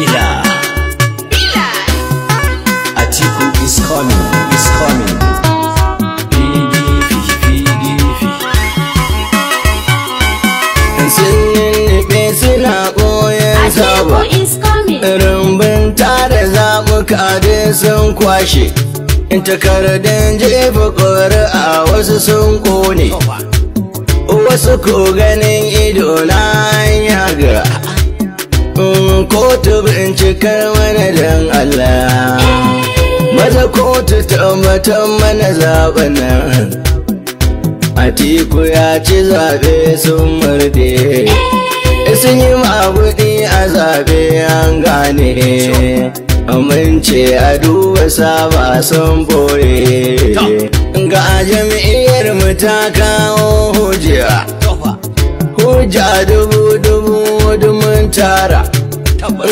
Miller. Atiku is coming, is coming. PDP, PDP. Sun suna koyon saba. Rumbun tare zaɓuka dai sun kwashe. Takardun jefa ƙuri'a wasu sun ƙone. Wasu ko ganin ido na hanya kotu bincikar mana dan Allah maza kotu tabbatar mana zaben nan Atiku ya ci zaɓe sun murde sun yi maguɗi a zaɓe an gane amince a duba saba sun bore ga jami'iyar mu ta kawo hujja Ja dubu dubu dumin tara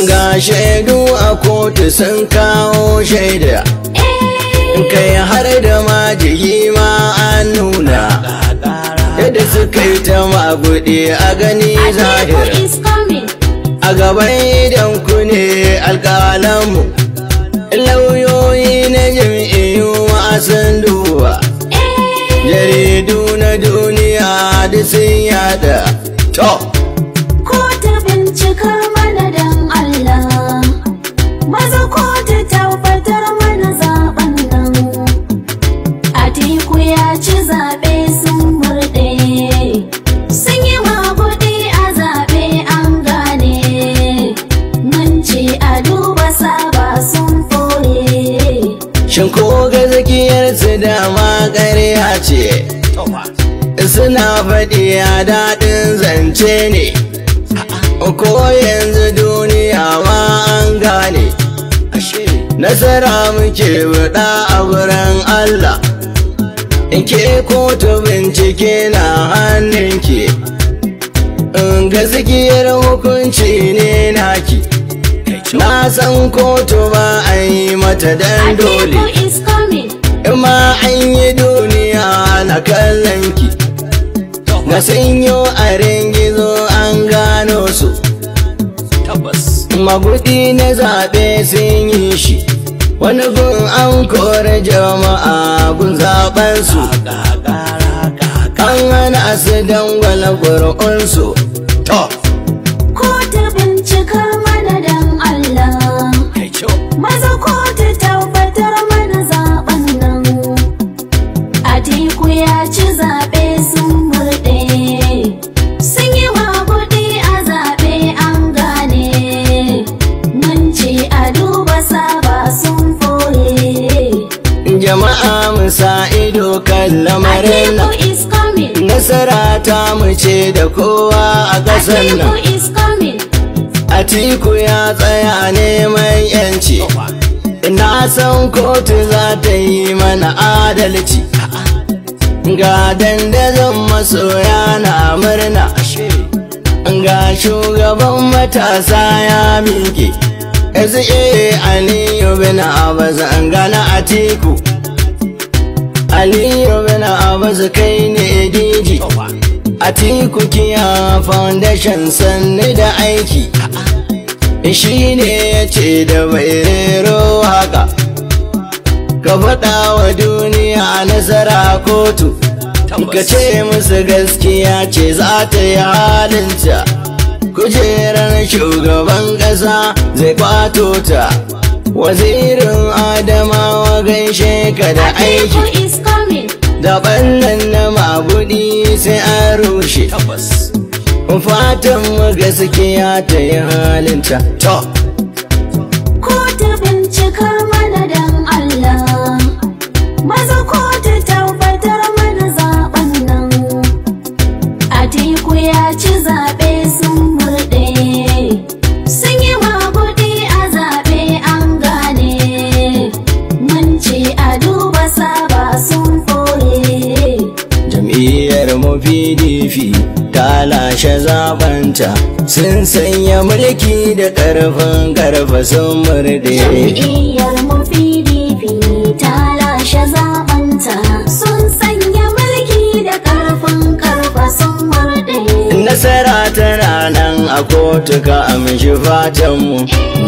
ga shaidu a kotu sun kawo shaida eh. kai har da majiyi ma an nuna yadda suka yi ta maguɗi a gani zahir a gaban idan ku ne alƙalanmu lauyoyi na jam'iyyu a sun duba eh. jaridu na duniya da sun yada 자 suna faɗi a daɗin zance ne ko yanzu duniya ma an gane nasara muke buɗa a wurin Allah ke kotu bincike na hannunki in gaskiyar hukunci ne naki na san kotu ba a yi mata dan dole ma an yi duniya na kallonki a sanyo a gizo an gano su tabbas magudi na zaɓe sun yi shi wani gun an kore jama'a gun su an hana su dangwala to ce da kowa a ƙasar nan Atiku ya tsaya neman yanci na san kotu za ta yi mana adalci ga dandazon masoya na murna ga shugaban matasa ya miƙe SAA Aliyu bin Abbas gana Atiku Aliyu bin Abbas kai ne diji a tikukiya foundation sanni da aiki shi ne ya ce da bairero haka ka faɗa wa duniya nasara kotu ka ce musu gaskiya ce za ta yi halinta kujerar shugaban ƙasa zai kwato ta wazirin adamawa gaishe ka da aiki daban nan na mabudi sai an rushe tabbas fatan mu gaskiya ta yi halinta to ko ta bincika pdp ta lashe zabanta sun sanya mulki da ƙarfin ƙarfa ta lashe zabanta sun sanya mulki da ƙarfin ƙarfa sun murde nasara tana na a kotu ka amshi fatanmu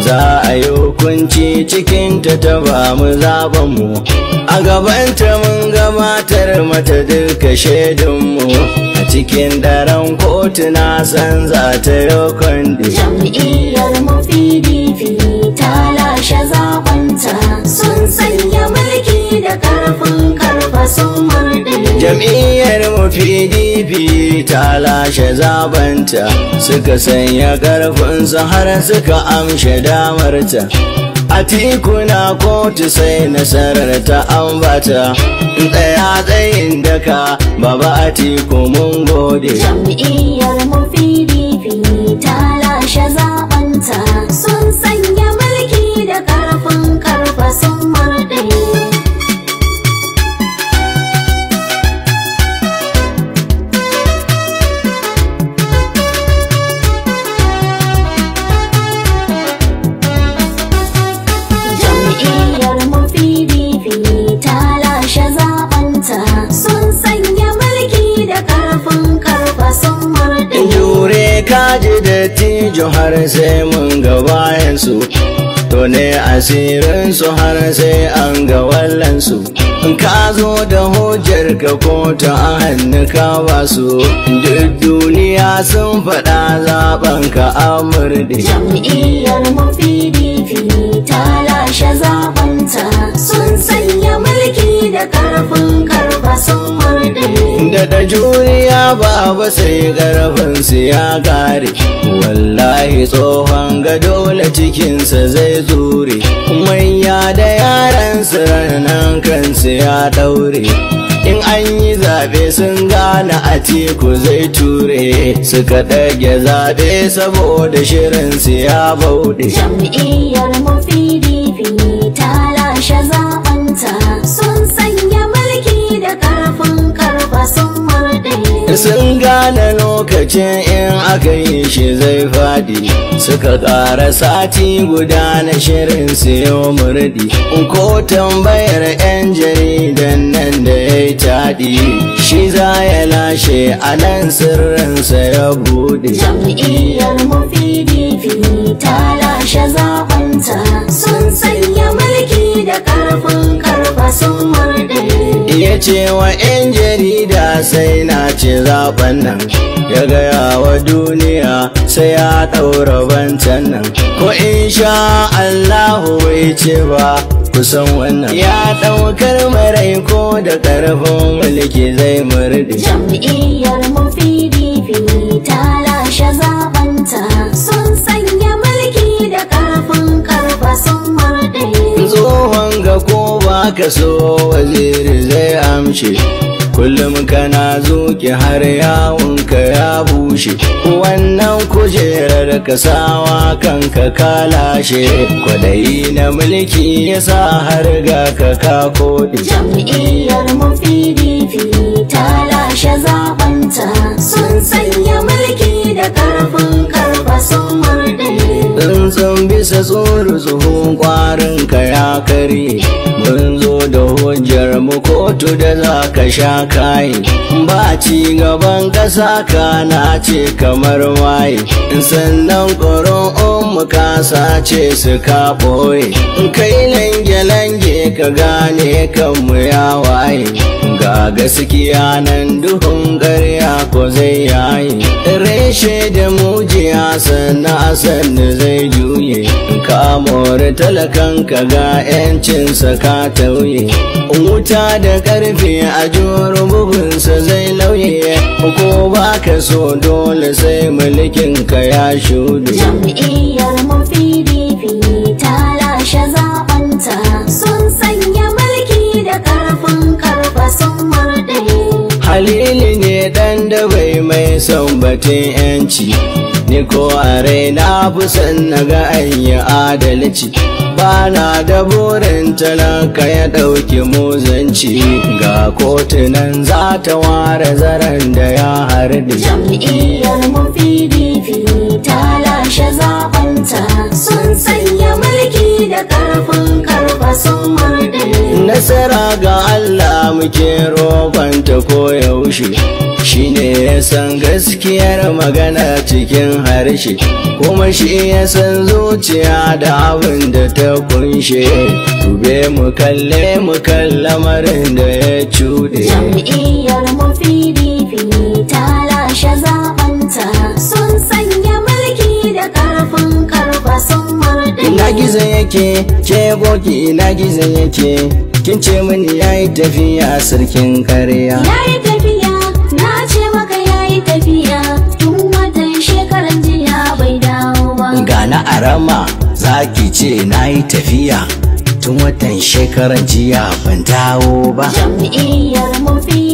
za a yi hukunci cikinta ta ba mu zabanmu a gabanta mun gabatar mata duka shaidunmu a cikin daren kotu na san za ta yi kwandi jam'iyyar mu pdp ta lashe zabanta sun sanya mulki da karfin karfa sun pdp ta lashe zabanta suka sanya karfinsu har suka amshe damarta a tikuna kotu sai nasarar ta ambata tsaya tsayin daka baba a tiku mun gode jam'iyyar mu pdp ta lashe zabanta sun sanya alhaji da tijo har sai mun ga bayansu to ne asirinsu har sai an ga wallansu ka zo da hujjar ka ko a hannu ka su, duk duniya sun faɗa zaben ka amurde jam'iyyar mu pdp ta lashe zabanta sun sanya mulki da karfin karfa sun da da juriya baba sai garbansu ya kare wallahi tsohon ga dole cikinsa zai zure manya da yaransu ranan kansu ya daure in an yi zaɓe sun gane a teku zai ture suka ɗage zaɓe saboda shirinsu ya bauɗe jam'iyyar mafidi sun gane lokacin in aka yi shi zai fadi suka ƙara sati guda na shirin siyo murdi ko tambayar 'yan jaridan nan da ya yi taɗi shi za ya lashe a nan sirrinsa ya buɗe jam'iyyar mufidi ta lashe zaɓanta sun sanya mulki da karfin karfa sun murde iya cewa yan jarida sai na ci zaben nan ya gaya wa duniya sai ya ɗaura bancan nan ko insha Allahu ya ce ba kusan wannan ya ɗaukar marai ko da ƙarfin mulki zai murɗe. Jam'iyyar mu PDP ta lashe zabanta sun sai ka so waziri zai amshe kullum kana zuki har yawunka ya bushe wannan kujerar ka sawa kanka ka lashe kwadayi na mulki ya sa har ga ka ka koɗi. jam'iyyar mu pdp ta lashe zaɓanta sun sanya mulki da ƙarfin karfa sun murɗe tsuntsun bisa tsoro zuhun kwarin ka ya kare no kotu da za ka sha kayi ba ci gaban ƙasa kana ce kamar waye sannan ƙoron mu kasa ce su ka ɓoye kai lange-lange ka gane kanmu ya waye ga gaskiya nan duhun ƙarya ko zai yayi reshe da mujiya sannan sannu zai juye ka more talakan ka ga 'yancinsa ka tauye wuta da karfe a jor bugunsa zai lauye ko ba ka so dole sai mulkin ka ya shudu jam'iyyar mu pdp ta lashe zaɓanta sun sanya mulki da karfin karfa sun murɗe halili ne dan da bai mai son batun yanci ni ko a raina fusan na ga an yi adalci bana da burin talaka ya ɗauki muzanci ga kotunan za ta ware zaren da ya harbi jam'iyyar mu pdp ta lashe zaɓanta sun sanya mulki da ƙarfin karfa sun nasara ga allah muke roƙonta koyaushe shi ne ya san gaskiyar magana cikin harshe kuma shi ya san zuciya da abin da ta kunshe dube mu kalle mu lamarin da ya cuɗe sun sanya mulki da ƙarfin ina gizo yake ke boki ina gizo yake kin ce mini yayi tafiya sarkin karya yayi tafiya na ce maka yayi tafiya tun watan shekaran jiya bai dawo ba ga na arama zaki ce nayi tafiya tun watan shekaran jiya ban dawo ba jam'iyyar mafiya